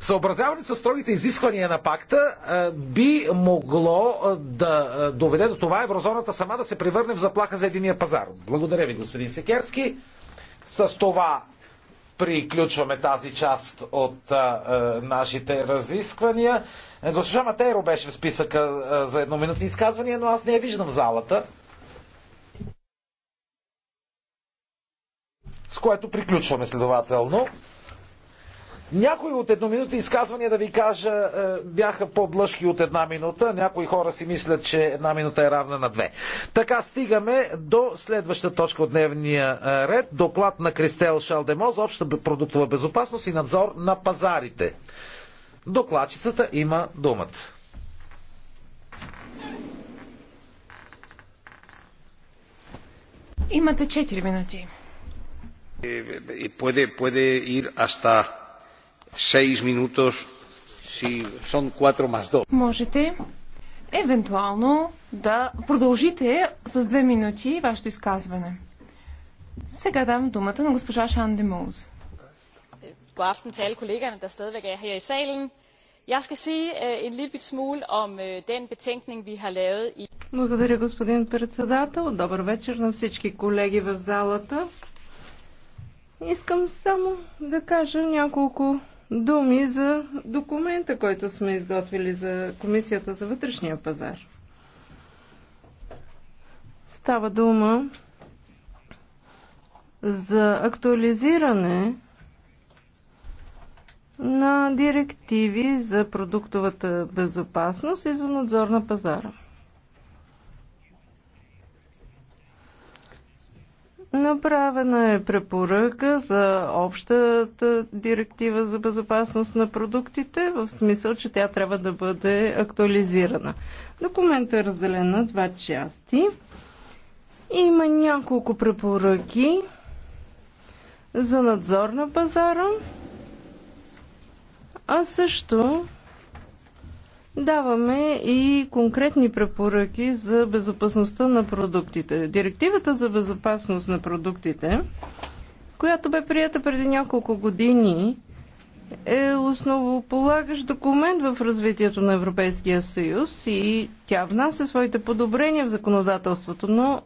Съобразяване с строгите изисквания на пакта е, би могло е, да е, доведе до това еврозоната сама да се превърне в заплаха за единия пазар. Благодаря ви, господин Секерски. С това приключваме тази част от а, нашите разисквания. Госпожа Матейро беше в списъка а, за едноминутни изказвания, но аз не я виждам в залата. С което приключваме следователно. Някои от едноминутни изказвания, да ви кажа, бяха по-длъжки от една минута. Някои хора си мислят, че една минута е равна на две. Така стигаме до следващата точка от дневния ред. Доклад на Кристел Шалдемо за обща продуктова безопасност и надзор на пазарите. Докладчицата има думата. Имате 4 минути. Puede, puede ir hasta 6 си сон 4 2. Можете евентуално да продължите с 2 минути вашето изказване. Сега дам думата на госпожа Шан де Моуз. til alle kollegerne, der stadigvæk er her i salen. Jeg skal sige øh, en lille smule om øh, den betænkning, vi har lavet i... Благодаря, господин председател. Добър вечер на всички колеги в залата. Искам само да кажа няколко думи за документа, който сме изготвили за Комисията за вътрешния пазар. Става дума за актуализиране на директиви за продуктовата безопасност и за надзор на пазара. Направена е препоръка за общата директива за безопасност на продуктите, в смисъл, че тя трябва да бъде актуализирана. Документът е разделен на два части. Има няколко препоръки за надзор на пазара, а също даваме и конкретни препоръки за безопасността на продуктите. Директивата за безопасност на продуктите, която бе прията преди няколко години, е основополагащ документ в развитието на Европейския съюз и тя внася своите подобрения в законодателството, но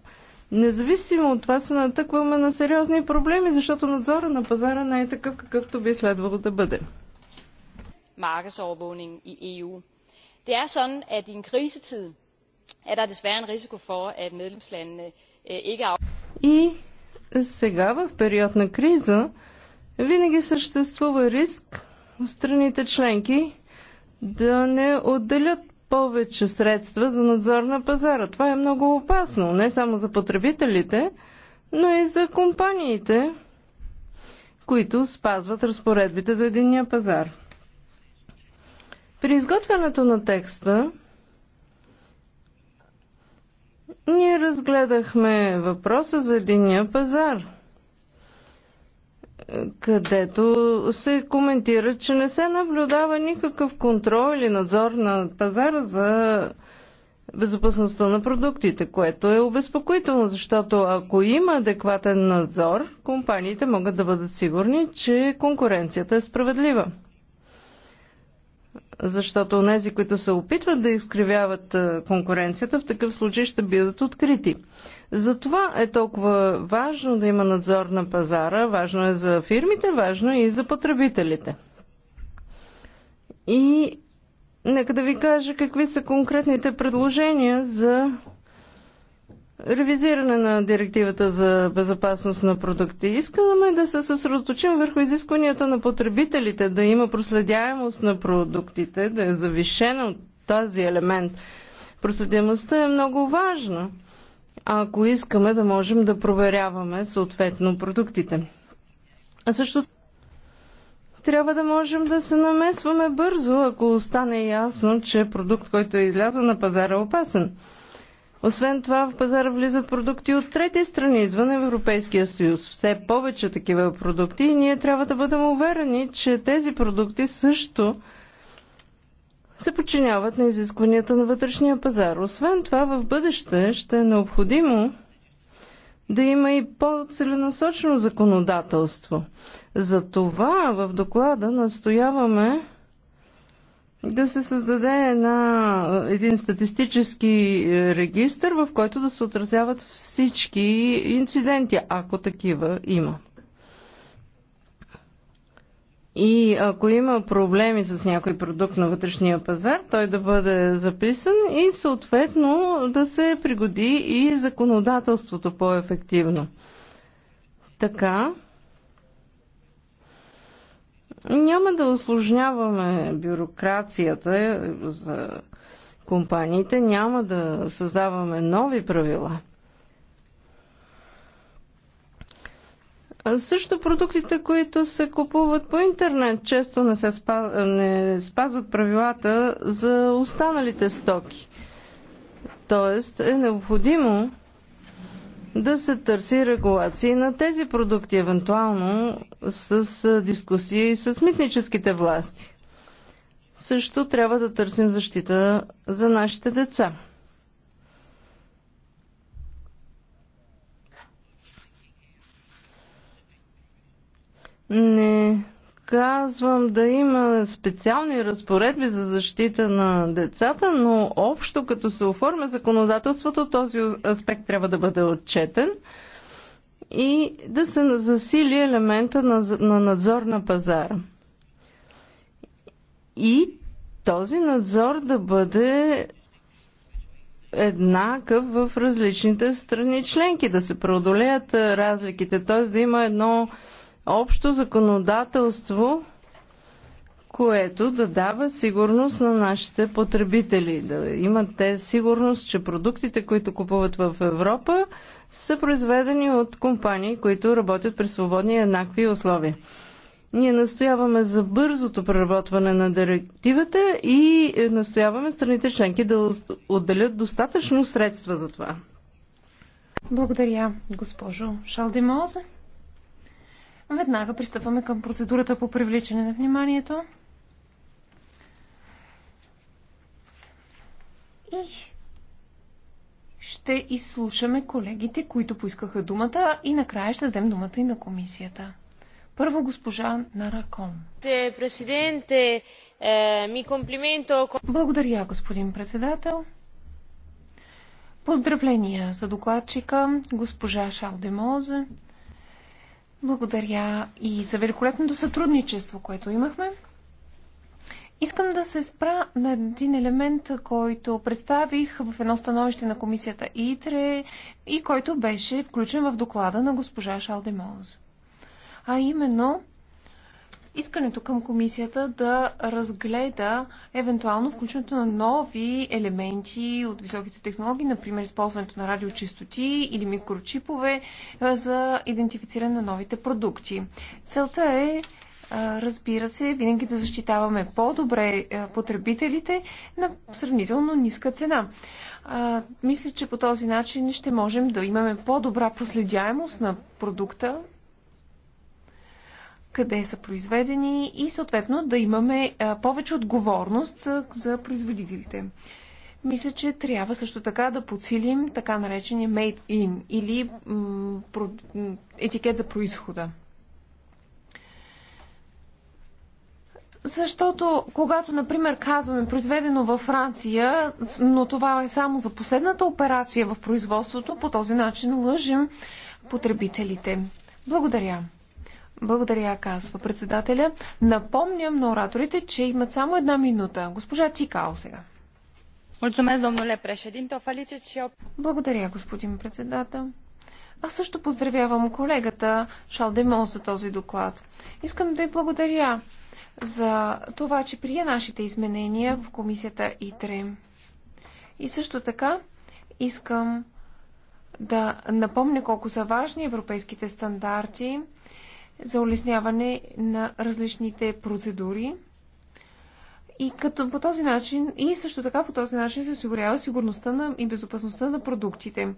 независимо от това се натъкваме на сериозни проблеми, защото надзора на пазара не е такъв, какъвто би следвало да бъде. Markedsovervågning i ЕУ e det er sådan at i en krisetid er der desværre en risiko for, at medlemslandene øh, ikke И сега в период на криза винаги съществува риск страните членки да не отделят повече средства за надзор на пазара. Това е много опасно, не само за потребителите, но и за компаниите, които спазват разпоредбите за единния пазар. При изготвянето на текста ние разгледахме въпроса за единния пазар, където се коментира, че не се наблюдава никакъв контрол или надзор на пазара за безопасността на продуктите, което е обезпокоително, защото ако има адекватен надзор, компаниите могат да бъдат сигурни, че конкуренцията е справедлива защото тези, които се опитват да изкривяват е, конкуренцията, в такъв случай ще бъдат открити. Затова е толкова важно да има надзор на пазара, важно е за фирмите, важно е и за потребителите. И нека да ви кажа какви са конкретните предложения за ревизиране на директивата за безопасност на продукти. Искаме да се съсредоточим върху изискванията на потребителите, да има проследяемост на продуктите, да е завишена от този елемент. Проследяемостта е много важна, ако искаме да можем да проверяваме съответно продуктите. А също трябва да можем да се намесваме бързо, ако стане ясно, че продукт, който е излязъл на пазара е опасен. Освен това в пазара влизат продукти от трети страни извън Европейския съюз. Все повече такива продукти и ние трябва да бъдем уверени, че тези продукти също се подчиняват на изискванията на вътрешния пазар. Освен това, в бъдеще ще е необходимо да има и по-целенасочено законодателство. Затова в доклада настояваме да се създаде една, е, един статистически е, регистр, в който да се отразяват всички инциденти, ако такива има. И ако има проблеми с някой продукт на вътрешния пазар, той да бъде записан и съответно да се пригоди и законодателството по-ефективно. Така, няма да осложняваме бюрокрацията за компаниите, няма да създаваме нови правила. също продуктите, които се купуват по интернет, често не, се спаз... не спазват правилата за останалите стоки. Тоест е необходимо да се търси регулации на тези продукти, евентуално с дискусия и с митническите власти. Също трябва да търсим защита за нашите деца. Не Казвам да има специални разпоредби за защита на децата, но общо като се оформя законодателството, този аспект трябва да бъде отчетен и да се засили елемента на, на надзор на пазара. И този надзор да бъде еднакъв в различните страни членки, да се преодолеят разликите, т.е. да има едно общо законодателство, което да дава сигурност на нашите потребители. Да имат те сигурност, че продуктите, които купуват в Европа, са произведени от компании, които работят при свободни и еднакви условия. Ние настояваме за бързото преработване на директивата и настояваме страните членки да отделят достатъчно средства за това. Благодаря, госпожо Шалдемоза. Веднага пристъпваме към процедурата по привличане на вниманието. И ще изслушаме колегите, които поискаха думата и накрая ще дадем думата и на комисията. Първо госпожа Нараком. Е, Благодаря, господин председател. Поздравления за докладчика, госпожа Шалдемозе. Благодаря и за великолепното сътрудничество, което имахме. Искам да се спра на един елемент, който представих в едно становище на комисията ИТРЕ и който беше включен в доклада на госпожа Шалдемоз. А именно искането към комисията да разгледа евентуално включването на нови елементи от високите технологии, например използването на радиочистоти или микрочипове е, за идентифициране на новите продукти. Целта е, е разбира се, винаги да защитаваме по-добре е, потребителите на сравнително ниска цена. Мисля, че по този начин ще можем да имаме по-добра проследяемост на продукта къде са произведени и съответно да имаме повече отговорност за производителите. Мисля, че трябва също така да подсилим така наречения made in или етикет за происхода. Защото, когато, например, казваме произведено във Франция, но това е само за последната операция в производството, по този начин лъжим потребителите. Благодаря. Благодаря, казва председателя. Напомням на ораторите, че имат само една минута. Госпожа Тикао сега. Благодаря, господин председател. Аз също поздравявам колегата Шалдемон за този доклад. Искам да й благодаря за това, че прие нашите изменения в комисията ИТРЕ. И също така искам да напомня колко са важни европейските стандарти за улесняване на различните процедури. И като по този начин, и също така по този начин се осигурява сигурността на, и безопасността на продуктите.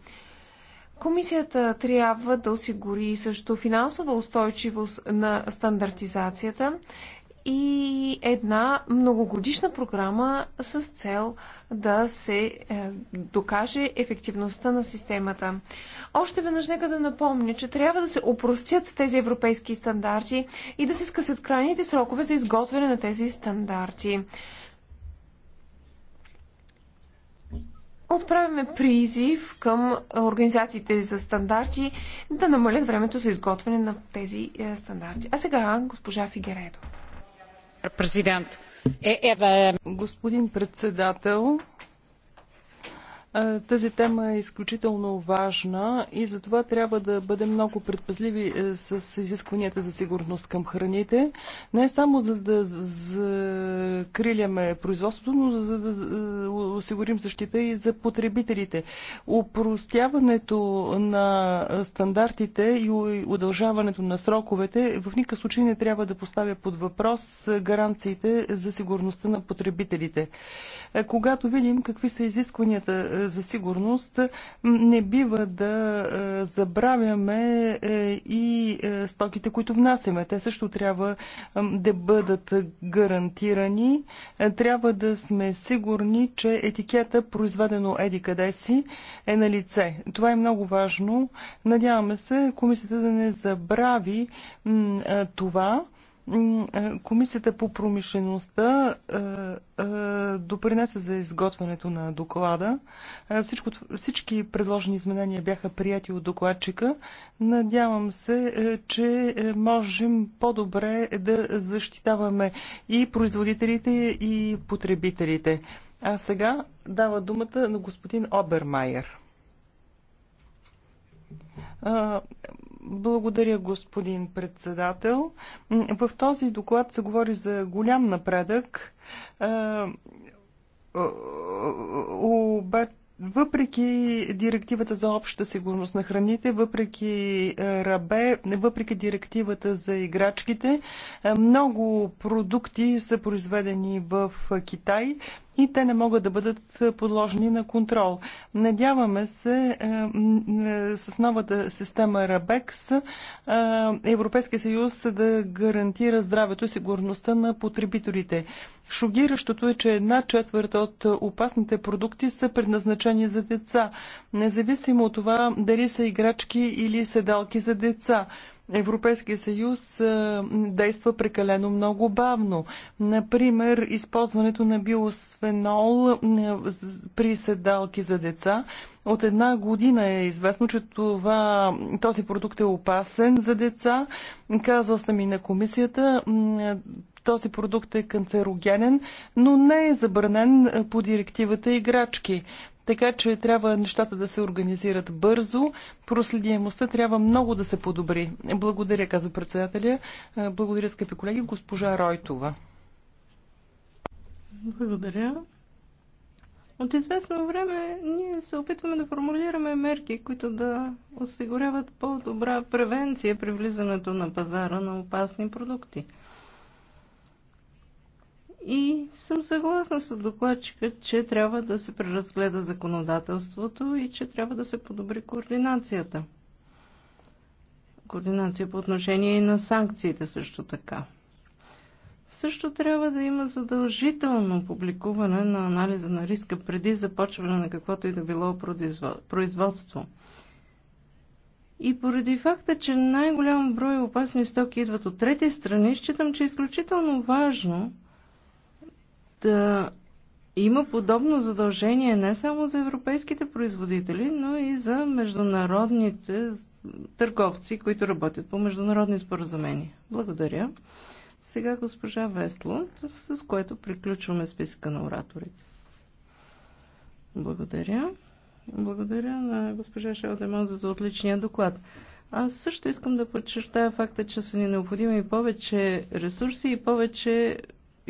Комисията трябва да осигури също финансова устойчивост на стандартизацията и една многогодишна програма с цел да се е, докаже ефективността на системата. Още веднъж нека да напомня, че трябва да се опростят тези европейски стандарти и да се скъсят крайните срокове за изготвяне на тези стандарти. Отправяме призив към организациите за стандарти да намалят времето за изготвяне на тези е, стандарти. А сега госпожа Фигередо. Е, е е- Господин председател, е, тази тема е изключително важна и затова трябва да бъдем много предпазливи е, с изискванията за сигурност към храните. Не само за да закриляме производството, но за да е, осигурим защита и за потребителите. Упростяването на стандартите и удължаването на сроковете в никакъв случай не трябва да поставя под въпрос гаранциите за сигурността на потребителите. Когато видим какви са изискванията за сигурност, не бива да е, забравяме е, и е, стоките, които внасяме. Те също трябва да бъдат гарантирани. Трябва да сме сигурни, че етикета, произведено еди къде си, е на лице. Това е много важно. Надяваме се комисията да не забрави това Комисията по промишлеността допринесе за изготвянето на доклада. Всичко, всички предложени изменения бяха прияти от докладчика. Надявам се, че можем по-добре да защитаваме и производителите, и потребителите. А сега дава думата на господин Обермайер. Благодаря, господин председател. В този доклад се говори за голям напредък. Обаче въпреки директивата за обща сигурност на храните, въпреки рабе, въпреки директивата за играчките, много продукти са произведени в Китай, и те не могат да бъдат подложени на контрол. Надяваме се е, е, с новата система РАБЕКС е, Европейския съюз да гарантира здравето и сигурността на потребителите. Шогиращото е, че една четвърта от опасните продукти са предназначени за деца, независимо от това дали са играчки или седалки за деца. Европейския съюз действа прекалено много бавно. Например, използването на биосфенол при седалки за деца. От една година е известно, че това, този продукт е опасен за деца. Казва съм и на комисията, този продукт е канцерогенен, но не е забранен по директивата играчки така че трябва нещата да се организират бързо. Проследимостта трябва много да се подобри. Благодаря, казва председателя. Благодаря, скъпи колеги, госпожа Ройтова. Благодаря. От известно време ние се опитваме да формулираме мерки, които да осигуряват по-добра превенция при влизането на пазара на опасни продукти. И съм съгласна с докладчика, че трябва да се преразгледа законодателството и че трябва да се подобри координацията. Координация по отношение и на санкциите също така. Също трябва да има задължително публикуване на анализа на риска преди започване на каквото и да било производство. И поради факта, че най-голям брой опасни стоки идват от трети страни, считам, че е изключително важно да има подобно задължение не само за европейските производители, но и за международните търговци, които работят по международни споразумения. Благодаря. Сега госпожа Вестлунд, с което приключваме списка на ораторите. Благодаря. Благодаря на госпожа Шелдемон за отличния доклад. Аз също искам да подчертая факта, че са ни необходими повече ресурси и повече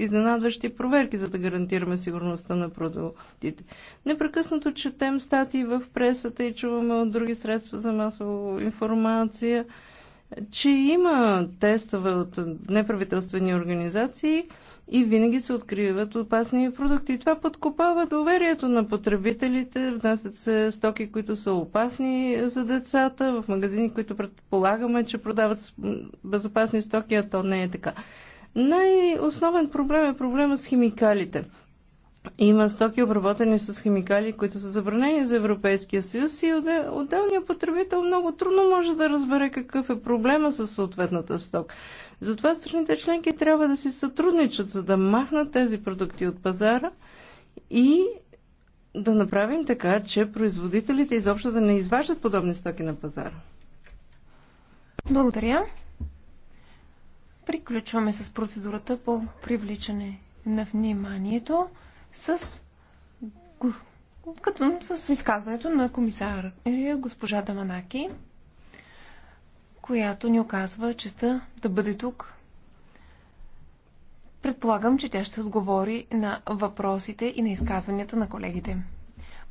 изненадващи проверки, за да гарантираме сигурността на продуктите. Непрекъснато четем статии в пресата и чуваме от други средства за масова информация, че има тестове от неправителствени организации и винаги се откриват опасни продукти. Това подкопава доверието на потребителите, внасят се стоки, които са опасни за децата, в магазини, които предполагаме, че продават безопасни стоки, а то не е така. Най-основен проблем е проблема с химикалите. Има стоки обработени с химикали, които са забранени за Европейския съюз и отделният потребител много трудно може да разбере какъв е проблема с съответната сток. Затова страните членки трябва да си сътрудничат, за да махнат тези продукти от пазара и да направим така, че производителите изобщо да не изваждат подобни стоки на пазара. Благодаря. Приключваме с процедурата по привличане на вниманието с, като, с изказването на комисар е, госпожа Даманаки, която ни оказва честа да бъде тук. Предполагам, че тя ще отговори на въпросите и на изказванията на колегите.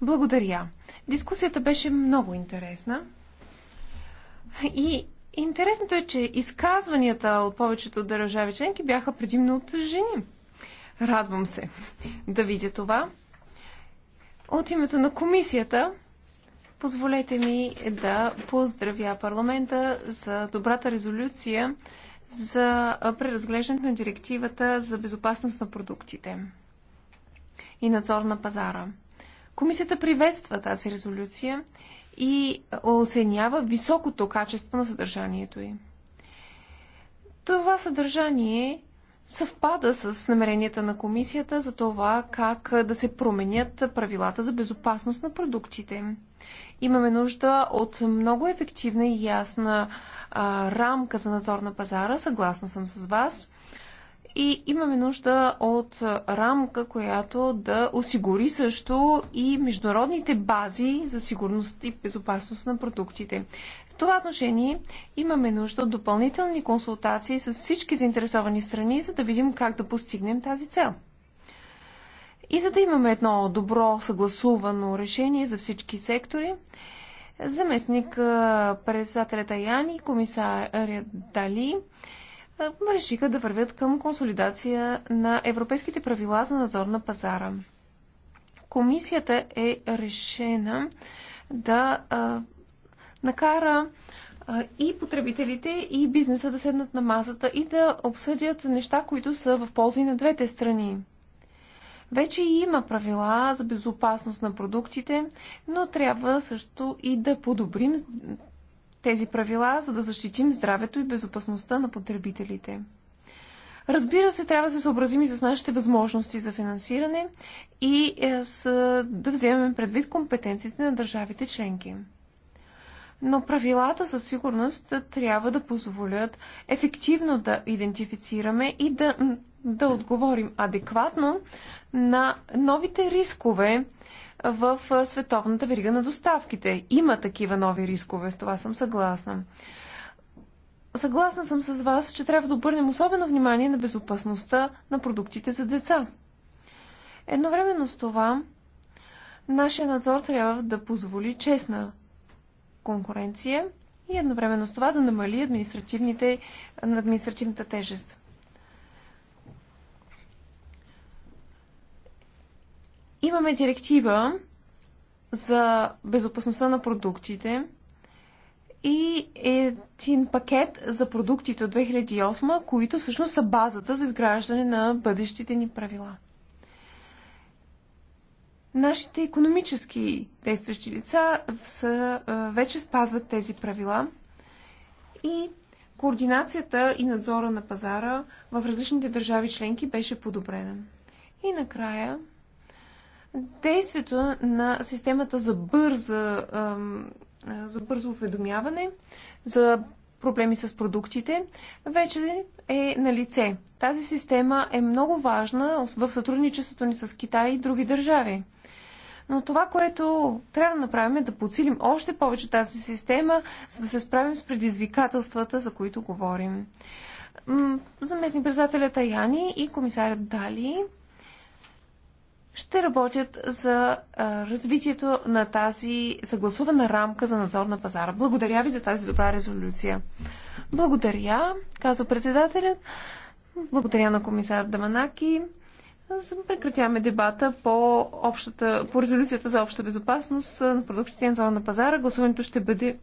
Благодаря. Дискусията беше много интересна и Интересното е, че изказванията от повечето държави членки бяха предимно от жени. Радвам се да видя това. От името на комисията, позволете ми да поздравя парламента за добрата резолюция за преразглеждането на директивата за безопасност на продуктите и надзор на пазара. Комисията приветства тази резолюция и оценява високото качество на съдържанието й. Това съдържание съвпада с намеренията на комисията за това как да се променят правилата за безопасност на продуктите. Имаме нужда от много ефективна и ясна а, рамка за надзор на пазара, съгласна съм с вас и имаме нужда от рамка, която да осигури също и международните бази за сигурност и безопасност на продуктите. В това отношение имаме нужда от допълнителни консултации с всички заинтересовани страни, за да видим как да постигнем тази цел. И за да имаме едно добро съгласувано решение за всички сектори, заместник председателя Таяни комисарят Дали – е, решиха да вървят към консолидация на европейските правила за надзор на пазара. Комисията е решена да а, накара а, и потребителите, и бизнеса да седнат на масата и да обсъдят неща, които са в полза и на двете страни. Вече има правила за безопасност на продуктите, но трябва също и да подобрим тези правила, за да защитим здравето и безопасността на потребителите. Разбира се, трябва да се съобразим и с нашите възможности за финансиране и е, с, да вземем предвид компетенциите на държавите членки. Но правилата със сигурност трябва да позволят ефективно да идентифицираме и да, да отговорим адекватно на новите рискове, в световната верига на доставките. Има такива нови рискове, с това съм съгласна. Съгласна съм с вас, че трябва да обърнем особено внимание на безопасността на продуктите за деца. Едновременно с това, нашия надзор трябва да позволи честна конкуренция и едновременно с това да намали административните, административната тежест. Имаме директива за безопасността на продуктите и един пакет за продуктите от 2008, които всъщност са базата за изграждане на бъдещите ни правила. Нашите економически действащи лица са, вече спазват тези правила и координацията и надзора на пазара в различните държави членки беше подобрена. И накрая действието на системата за, бърза, за бързо уведомяване, за проблеми с продуктите, вече е на лице. Тази система е много важна в сътрудничеството ни с Китай и други държави. Но това, което трябва да направим е да подсилим още повече тази система, за да се справим с предизвикателствата, за които говорим. Заместник председателят Таяни и комисарят Дали ще работят за развитието на тази съгласувана рамка за надзор на пазара. Благодаря ви за тази добра резолюция. Благодаря, казва председателят. Благодаря на комисар Даманаки. Прекратяваме дебата по, общата, по резолюцията за обща безопасност на продуктите на надзор на пазара. Гласуването ще бъде